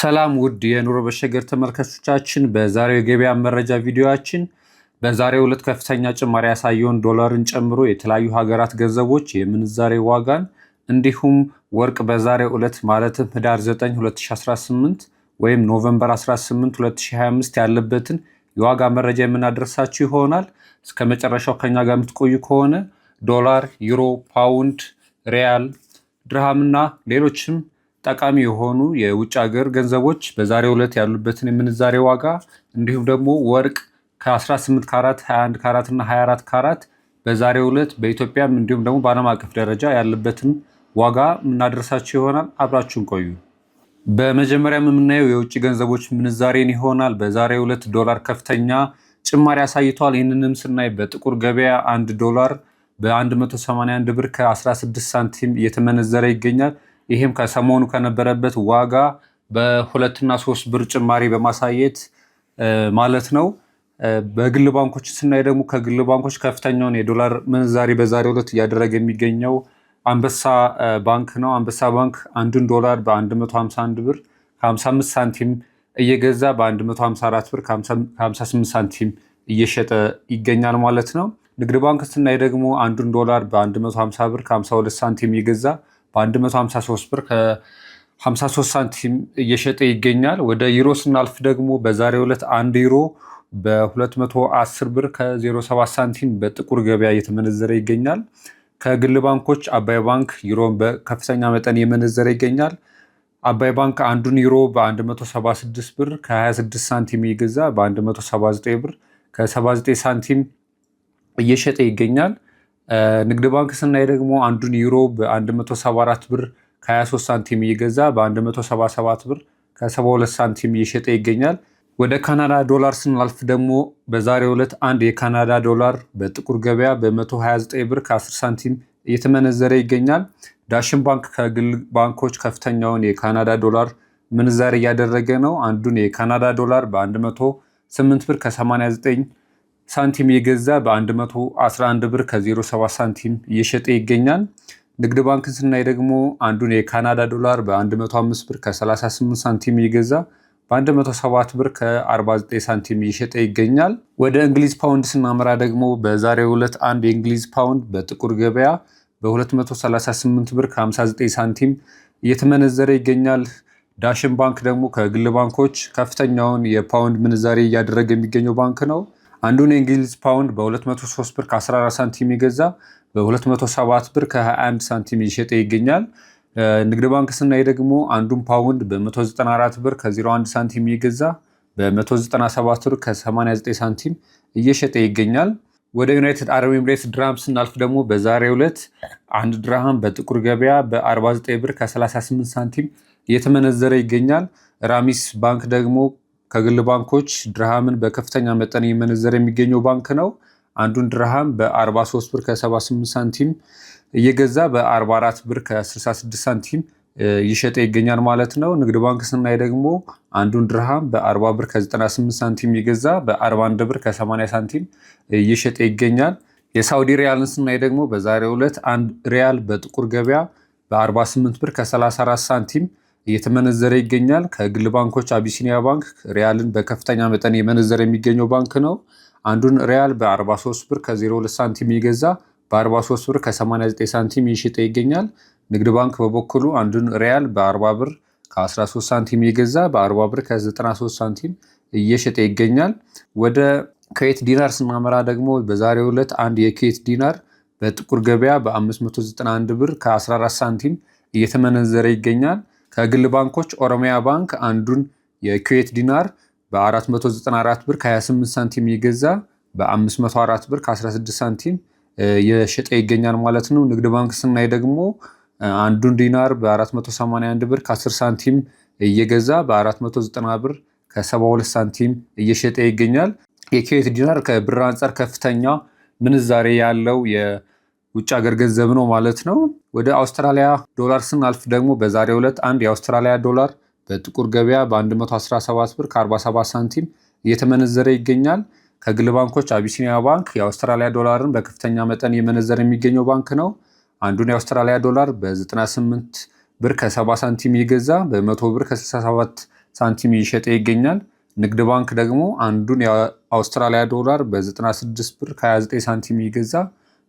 ሰላም ውድ የኑሮ በሸገር ተመልካቾቻችን፣ በዛሬው የገበያ መረጃ ቪዲዮችን በዛሬው ዕለት ከፍተኛ ጭማሪ ያሳየውን ዶላርን ጨምሮ የተለያዩ ሀገራት ገንዘቦች የምንዛሬ ዋጋን እንዲሁም ወርቅ በዛሬው ዕለት ማለትም ህዳር 9 2018 ወይም ኖቨምበር 18 2025 ያለበትን የዋጋ መረጃ የምናደርሳችሁ ይሆናል። እስከ መጨረሻው ከኛ ጋር የምትቆዩ ከሆነ ዶላር፣ ዩሮ፣ ፓውንድ፣ ሪያል፣ ድርሃምና ሌሎችም ጠቃሚ የሆኑ የውጭ ሀገር ገንዘቦች በዛሬ ዕለት ያሉበትን የምንዛሬ ዋጋ እንዲሁም ደግሞ ወርቅ ከ18 ካራት፣ 21 ካራት እና 24 ካራት በዛሬ ዕለት በኢትዮጵያም እንዲሁም ደግሞ በዓለም አቀፍ ደረጃ ያለበትን ዋጋ የምናደርሳቸው ይሆናል። አብራችሁን ቆዩ። በመጀመሪያም የምናየው የውጭ ገንዘቦች ምንዛሬን ይሆናል። በዛሬ ዕለት ዶላር ከፍተኛ ጭማሪ አሳይቷል። ይህንንም ስናይ በጥቁር ገበያ አንድ ዶላር በ181 ብር ከ16 ሳንቲም እየተመነዘረ ይገኛል። ይህም ከሰሞኑ ከነበረበት ዋጋ በሁለትና ሶስት ብር ጭማሪ በማሳየት ማለት ነው። በግል ባንኮች ስናይ ደግሞ ከግል ባንኮች ከፍተኛውን የዶላር ምንዛሪ በዛሬው ዕለት እያደረገ የሚገኘው አንበሳ ባንክ ነው። አንበሳ ባንክ አንዱን ዶላር በ151 ብር ከ55 ሳንቲም እየገዛ በ154 ብር ከ58 ሳንቲም እየሸጠ ይገኛል ማለት ነው። ንግድ ባንክ ስናይ ደግሞ አንዱን ዶላር በ150 ብር ከ52 ሳንቲም እየገዛ በ153 ብር ከ53 ሳንቲም እየሸጠ ይገኛል። ወደ ዩሮ ስናልፍ ደግሞ በዛሬ ዕለት አንድ ዩሮ በ210 ብር ከ07 ሳንቲም በጥቁር ገበያ እየተመነዘረ ይገኛል። ከግል ባንኮች አባይ ባንክ ዩሮን በከፍተኛ መጠን እየመነዘረ ይገኛል። አባይ ባንክ አንዱን ዩሮ በ176 ብር ከ26 ሳንቲም ይገዛ በ179 ብር ከ79 ሳንቲም እየሸጠ ይገኛል። ንግድ ባንክ ስናይ ደግሞ አንዱን ዩሮ በ174 ብር ከ23 ሳንቲም እየገዛ በ177 ብር ከ72 ሳንቲም እየሸጠ ይገኛል። ወደ ካናዳ ዶላር ስናልፍ ደግሞ በዛሬው ዕለት አንድ የካናዳ ዶላር በጥቁር ገበያ በ129 ብር ከ10 ሳንቲም እየተመነዘረ ይገኛል። ዳሽን ባንክ ከግል ባንኮች ከፍተኛውን የካናዳ ዶላር ምንዛሬ እያደረገ ነው። አንዱን የካናዳ ዶላር በ108 ብር ከ89 ሳንቲም የገዛ በ111 ብር ከ07 ሳንቲም እየሸጠ ይገኛል። ንግድ ባንክን ስናይ ደግሞ አንዱን የካናዳ ዶላር በ105 ብር ከ38 ሳንቲም እየገዛ በ107 ብር ከ49 ሳንቲም እየሸጠ ይገኛል። ወደ እንግሊዝ ፓውንድ ስናመራ ደግሞ በዛሬው ዕለት አንድ የእንግሊዝ ፓውንድ በጥቁር ገበያ በ238 ብር ከ59 ሳንቲም እየተመነዘረ ይገኛል። ዳሽን ባንክ ደግሞ ከግል ባንኮች ከፍተኛውን የፓውንድ ምንዛሬ እያደረገ የሚገኘው ባንክ ነው። አንዱን የእንግሊዝ ፓውንድ በ203 ብር ከ14 ሳንቲም ይገዛ በ207 ብር ከ21 ሳንቲም እየሸጠ ይገኛል። ንግድ ባንክ ስናይ ደግሞ አንዱን ፓውንድ በ194 ብር ከ01 ሳንቲም ይገዛ በ197 ብር ከ89 ሳንቲም እየሸጠ ይገኛል። ወደ ዩናይትድ አረብ ኤምሬት ድራም ስናልፍ ደግሞ በዛሬ ዕለት አንድ ድርሃም በጥቁር ገበያ በ49 ብር ከ38 ሳንቲም እየተመነዘረ ይገኛል። ራሚስ ባንክ ደግሞ ከግል ባንኮች ድርሃምን በከፍተኛ መጠን እየመነዘረ የሚገኘው ባንክ ነው። አንዱን ድርሃም በ43 ብር ከ78 ሳንቲም እየገዛ በ44 ብር ከ66 ሳንቲም እየሸጠ ይገኛል ማለት ነው። ንግድ ባንክ ስናይ ደግሞ አንዱን ድርሃም በ40 ብር ከ98 ሳንቲም እየገዛ በ41 ብር ከ80 ሳንቲም እየሸጠ ይገኛል። የሳውዲ ሪያልን ስናይ ደግሞ በዛሬው ዕለት አንድ ሪያል በጥቁር ገበያ በ48 ብር ከ34 ሳንቲም እየተመነዘረ ይገኛል። ከግል ባንኮች አቢሲኒያ ባንክ ሪያልን በከፍተኛ መጠን የመነዘረ የሚገኘው ባንክ ነው። አንዱን ሪያል በ43 ብር ከ02 ሳንቲም የገዛ በ43 ብር ከ89 ሳንቲም ይሽጠ ይገኛል። ንግድ ባንክ በበኩሉ አንዱን ሪያል በ40 ብር ከ13 ሳንቲም የገዛ በ40 ብር ከ93 ሳንቲም እየሸጠ ይገኛል። ወደ ኩዌት ዲናር ስናመራ ደግሞ በዛሬው ዕለት አንድ የኩዌት ዲናር በጥቁር ገበያ በ591 ብር ከ14 ሳንቲም እየተመነዘረ ይገኛል። ከግል ባንኮች ኦሮሚያ ባንክ አንዱን የኩዌት ዲናር በ494 ብር ከ28 ሳንቲም የገዛ በ504 ብር ከ16 ሳንቲም የሸጠ ይገኛል ማለት ነው። ንግድ ባንክ ስናይ ደግሞ አንዱን ዲናር በ481 ብር ከ10 ሳንቲም እየገዛ በ490 ብር ከ72 ሳንቲም እየሸጠ ይገኛል። የኩዌት ዲናር ከብር አንጻር ከፍተኛ ምንዛሬ ያለው ውጭ ሀገር ገንዘብ ነው ማለት ነው። ወደ አውስትራሊያ ዶላር ስናልፍ ደግሞ በዛሬው ዕለት አንድ የአውስትራሊያ ዶላር በጥቁር ገበያ በ117 ብር ከ47 ሳንቲም እየተመነዘረ ይገኛል። ከግል ባንኮች አቢሲኒያ ባንክ የአውስትራሊያ ዶላርን በከፍተኛ መጠን እየመነዘረ የሚገኘው ባንክ ነው። አንዱን የአውስትራሊያ ዶላር በ98 ብር ከ70 ሳንቲም እየገዛ በ100 ብር ከ67 ሳንቲም እየሸጠ ይገኛል። ንግድ ባንክ ደግሞ አንዱን የአውስትራሊያ ዶላር በ96 ብር ከ29 ሳንቲም እየገዛ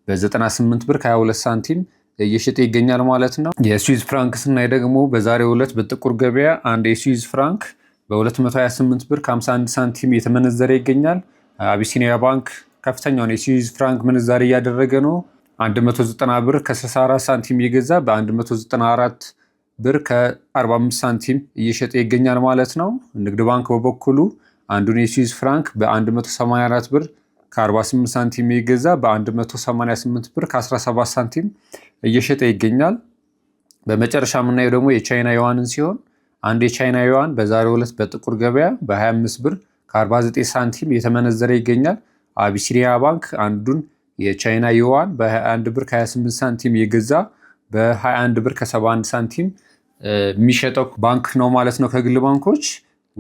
በ98 ብር ከ22 ሳንቲም እየሸጠ ይገኛል ማለት ነው። የስዊዝ ፍራንክ ስናይ ደግሞ በዛሬው ዕለት በጥቁር ገበያ አንድ የስዊዝ ፍራንክ በ228 ብር ከ51 ሳንቲም እየተመነዘረ ይገኛል። አቢሲኒያ ባንክ ከፍተኛውን የስዊዝ ፍራንክ ምንዛሬ እያደረገ ነው። 190 ብር ከ64 ሳንቲም እየገዛ በ194 ብር ከ45 ሳንቲም እየሸጠ ይገኛል ማለት ነው። ንግድ ባንክ በበኩሉ አንዱን የስዊዝ ፍራንክ በ184 ብር ከ48 ሳንቲም የገዛ በ188 ብር ከ17 ሳንቲም እየሸጠ ይገኛል። በመጨረሻ የምናየው ደግሞ የቻይና ዩዋንን ሲሆን አንድ የቻይና ዩዋን በዛሬው ዕለት በጥቁር ገበያ በ25 ብር ከ49 ሳንቲም እየተመነዘረ ይገኛል። አቢሲኒያ ባንክ አንዱን የቻይና ዩዋን በ21 ብር ከ28 ሳንቲም የገዛ በ21 ብር ከ71 ሳንቲም የሚሸጠው ባንክ ነው ማለት ነው ከግል ባንኮች።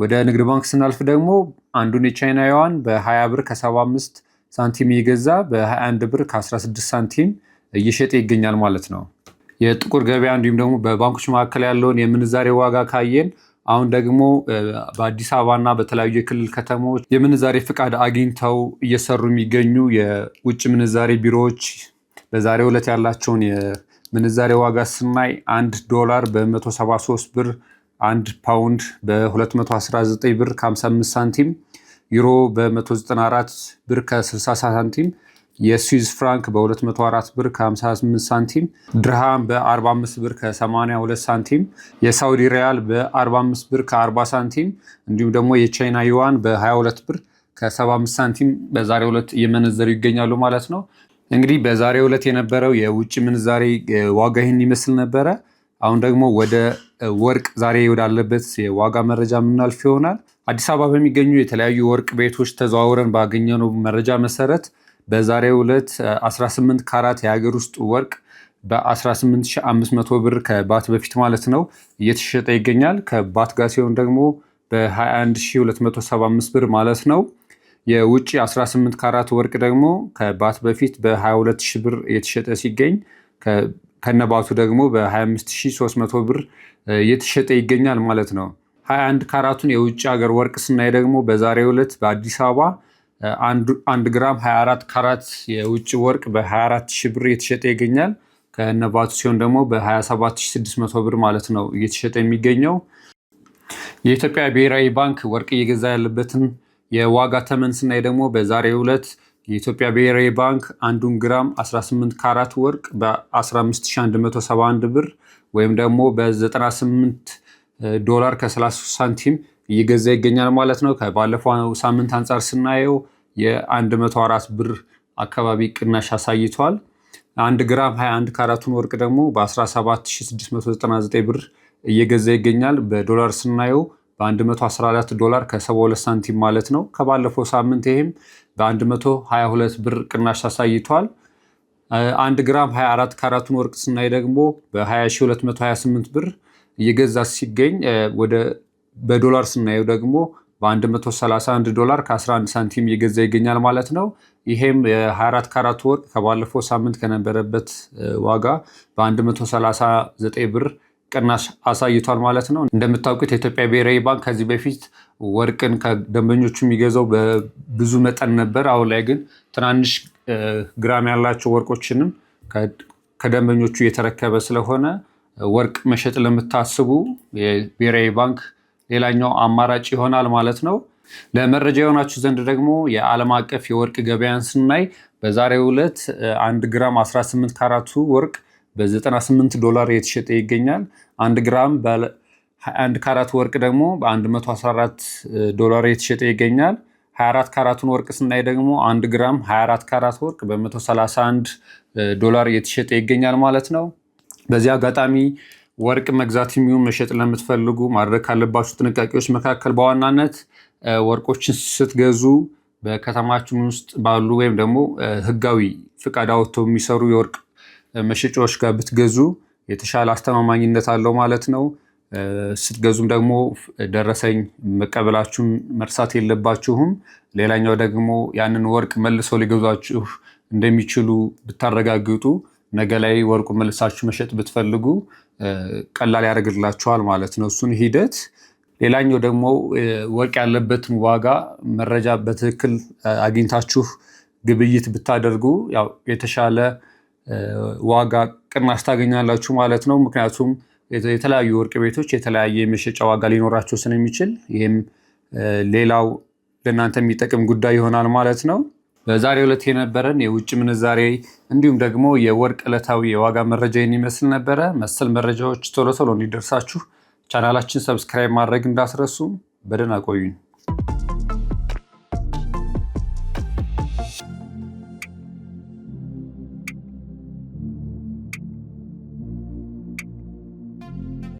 ወደ ንግድ ባንክ ስናልፍ ደግሞ አንዱን የቻይና ዩዋን በ20 ብር ከ75 ሳንቲም እየገዛ በ21 ብር ከ16 ሳንቲም እየሸጠ ይገኛል ማለት ነው። የጥቁር ገበያ እንዲሁም ደግሞ በባንኮች መካከል ያለውን የምንዛሬ ዋጋ ካየን አሁን ደግሞ በአዲስ አበባና በተለያዩ የክልል ከተሞች የምንዛሬ ፍቃድ አግኝተው እየሰሩ የሚገኙ የውጭ ምንዛሬ ቢሮዎች በዛሬው ዕለት ያላቸውን የምንዛሬ ዋጋ ስናይ አንድ ዶላር በ173 ብር፣ አንድ ፓውንድ በ219 ብር ከ55 ሳንቲም ዩሮ በ194 ብር ከ60 ሳንቲም፣ የስዊዝ ፍራንክ በ204 ብር ከ58 ሳንቲም፣ ድርሃም በ45 ብር ከ82 ሳንቲም፣ የሳውዲ ሪያል በ45 ብር ከ40 ሳንቲም እንዲሁም ደግሞ የቻይና ዩዋን በ22 ብር ከ75 ሳንቲም በዛሬው ዕለት እየመነዘሩ ይገኛሉ ማለት ነው። እንግዲህ በዛሬው ዕለት የነበረው የውጭ ምንዛሬ ዋጋ ይህን ይመስል ነበረ። አሁን ደግሞ ወደ ወርቅ ዛሬ ወዳለበት የዋጋ መረጃ የምናልፍ ይሆናል። አዲስ አበባ በሚገኙ የተለያዩ ወርቅ ቤቶች ተዘዋውረን ባገኘነው መረጃ መሰረት በዛሬው ዕለት 18 ካራት የሀገር ውስጥ ወርቅ በ18500 ብር ከባት በፊት ማለት ነው እየተሸጠ ይገኛል። ከባት ጋር ሲሆን ደግሞ በ21275 ብር ማለት ነው። የውጭ 18 ካራት ወርቅ ደግሞ ከባት በፊት በ22000 ብር እየተሸጠ ሲገኝ ከነባቱ ደግሞ በ25300 ብር እየተሸጠ ይገኛል ማለት ነው። 21 ካራቱን የውጭ ሀገር ወርቅ ስናይ ደግሞ በዛሬው ዕለት በአዲስ አበባ አንድ ግራም 24 ካራት የውጭ ወርቅ በ24 ሺህ ብር እየተሸጠ ይገኛል። ከነባቱ ሲሆን ደግሞ በ27600 ብር ማለት ነው እየተሸጠ የሚገኘው። የኢትዮጵያ ብሔራዊ ባንክ ወርቅ እየገዛ ያለበትን የዋጋ ተመን ስናይ ደግሞ በዛሬው ዕለት የኢትዮጵያ ብሔራዊ ባንክ አንዱን ግራም 18 ካራት ወርቅ በ15171 ብር ወይም ደግሞ በ98 ዶላር ከ33 ሳንቲም እየገዛ ይገኛል ማለት ነው። ከባለፈው ሳምንት አንጻር ስናየው የ104 ብር አካባቢ ቅናሽ አሳይቷል። አንድ ግራም 21 ካራቱን ወርቅ ደግሞ በ17699 ብር እየገዛ ይገኛል። በዶላር ስናየው በ114 ዶላር ከ72 ሳንቲም ማለት ነው። ከባለፈው ሳምንት ይህም በ122 ብር ቅናሽ አሳይቷል። አንድ ግራም 24 ካራቱን ወርቅ ስናይ ደግሞ በ20228 ብር እየገዛ ሲገኝ ወደ በዶላር ስናየው ደግሞ በ131 ዶላር ከ11 ሳንቲም እየገዛ ይገኛል ማለት ነው። ይሄም የ24 ካራት ወርቅ ከባለፈው ሳምንት ከነበረበት ዋጋ በ139 ብር ቅናሽ አሳይቷል ማለት ነው። እንደምታውቁት የኢትዮጵያ ብሔራዊ ባንክ ከዚህ በፊት ወርቅን ከደንበኞቹ የሚገዛው በብዙ መጠን ነበር። አሁን ላይ ግን ትናንሽ ግራም ያላቸው ወርቆችንም ከደንበኞቹ እየተረከበ ስለሆነ ወርቅ መሸጥ ለምታስቡ የብሔራዊ ባንክ ሌላኛው አማራጭ ይሆናል ማለት ነው። ለመረጃ የሆናችሁ ዘንድ ደግሞ የዓለም አቀፍ የወርቅ ገበያን ስናይ በዛሬው ዕለት 1 ግራም 18 ካራቱ ወርቅ በ98 ዶላር የተሸጠ ይገኛል። 1 ግራም በ21 ካራት ወርቅ ደግሞ በ114 ዶላር የተሸጠ ይገኛል። 24 ካራቱን ወርቅ ስናይ ደግሞ 1 ግራም 24 ካራት ወርቅ በ131 ዶላር የተሸጠ ይገኛል ማለት ነው። በዚህ አጋጣሚ ወርቅ መግዛት የሚሆን መሸጥ ለምትፈልጉ ማድረግ ካለባችሁ ጥንቃቄዎች መካከል በዋናነት ወርቆችን ስትገዙ በከተማችን ውስጥ ባሉ ወይም ደግሞ ህጋዊ ፍቃድ አውጥተው የሚሰሩ የወርቅ መሸጫዎች ጋር ብትገዙ የተሻለ አስተማማኝነት አለው ማለት ነው። ስትገዙም ደግሞ ደረሰኝ መቀበላችሁን መርሳት የለባችሁም። ሌላኛው ደግሞ ያንን ወርቅ መልሰው ሊገዟችሁ እንደሚችሉ ብታረጋግጡ ነገ ላይ ወርቁ መልሳችሁ መሸጥ ብትፈልጉ ቀላል ያደርግላችኋል ማለት ነው እሱን ሂደት። ሌላኛው ደግሞ ወርቅ ያለበትን ዋጋ መረጃ በትክክል አግኝታችሁ ግብይት ብታደርጉ ያው የተሻለ ዋጋ ቅናሽ ታገኛላችሁ ማለት ነው። ምክንያቱም የተለያዩ ወርቅ ቤቶች የተለያየ የመሸጫ ዋጋ ሊኖራቸው ስለሚችል ይህም ሌላው ለእናንተ የሚጠቅም ጉዳይ ይሆናል ማለት ነው። በዛሬ ዕለት የነበረን የውጭ ምንዛሬ እንዲሁም ደግሞ የወርቅ ዕለታዊ የዋጋ መረጃ የሚመስል ነበረ። መሰል መረጃዎች ቶሎ ቶሎ እንዲደርሳችሁ ቻናላችን ሰብስክራይብ ማድረግ እንዳስረሱ። በደህና ቆዩኝ።